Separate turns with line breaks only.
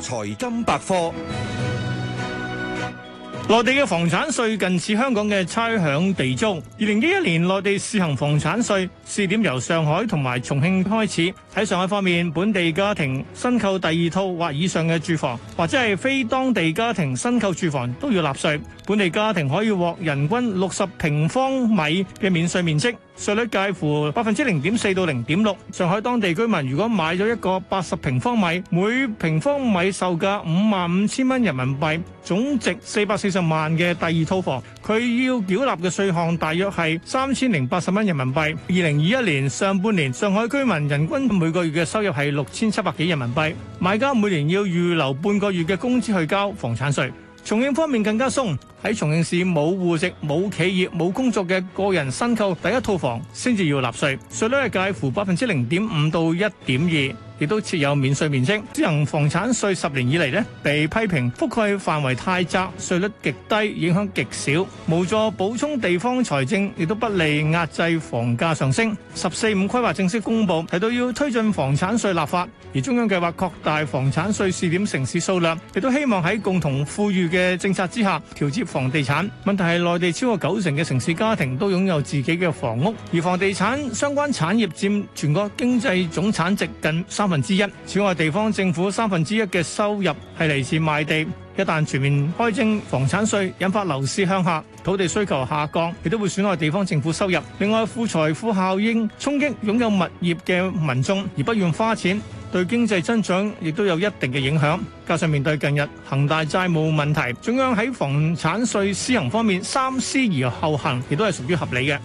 財金百科，內地嘅房產稅近似香港嘅差餉地租。二零一一年，內地試行房產稅試點由上海同埋重慶開始。喺上海方面，本地家庭新購第二套或以上嘅住房，或者係非當地家庭新購住房都要納稅。本地家庭可以獲人均六十平方米嘅免稅面積。稅率介乎百分之零點四到零點六。上海當地居民如果買咗一個八十平方米、每平方米售價五萬五千蚊人民幣、總值四百四十萬嘅第二套房，佢要繳納嘅稅項大約係三千零八十蚊人民幣。二零二一年上半年，上海居民人均每個月嘅收入係六千七百幾人民幣，買家每年要預留半個月嘅工資去交房產稅。重慶方面更加鬆，喺重慶市冇戶籍、冇企業、冇工作嘅個人申購第一套房才，先至要納稅，稅率係介乎百分之零點五到一點二。亦都設有免稅面積，試行房產稅十年以嚟呢被批評覆蓋範圍太窄，稅率極低，影響極少，無助補充地方財政，亦都不利壓制房價上升。十四五規劃正式公布，提到要推進房產稅立法，而中央計劃擴大房產稅試點城市數量，亦都希望喺共同富裕嘅政策之下調節房地產。問題係內地超過九成嘅城市家庭都擁有自己嘅房屋，而房地產相關產業佔全國經濟總產值近三。分之一，此外，地方政府三分之一嘅收入係嚟自賣地。一旦全面開徵房產稅，引發樓市向下，土地需求下降，亦都會損害地方政府收入。另外，負財富效應沖擊擁有物業嘅民眾而不願花錢，對經濟增長亦都有一定嘅影響。加上面對近日恒大債務問題，中央喺房產稅施行方面三思而後行，亦都係屬於合理嘅。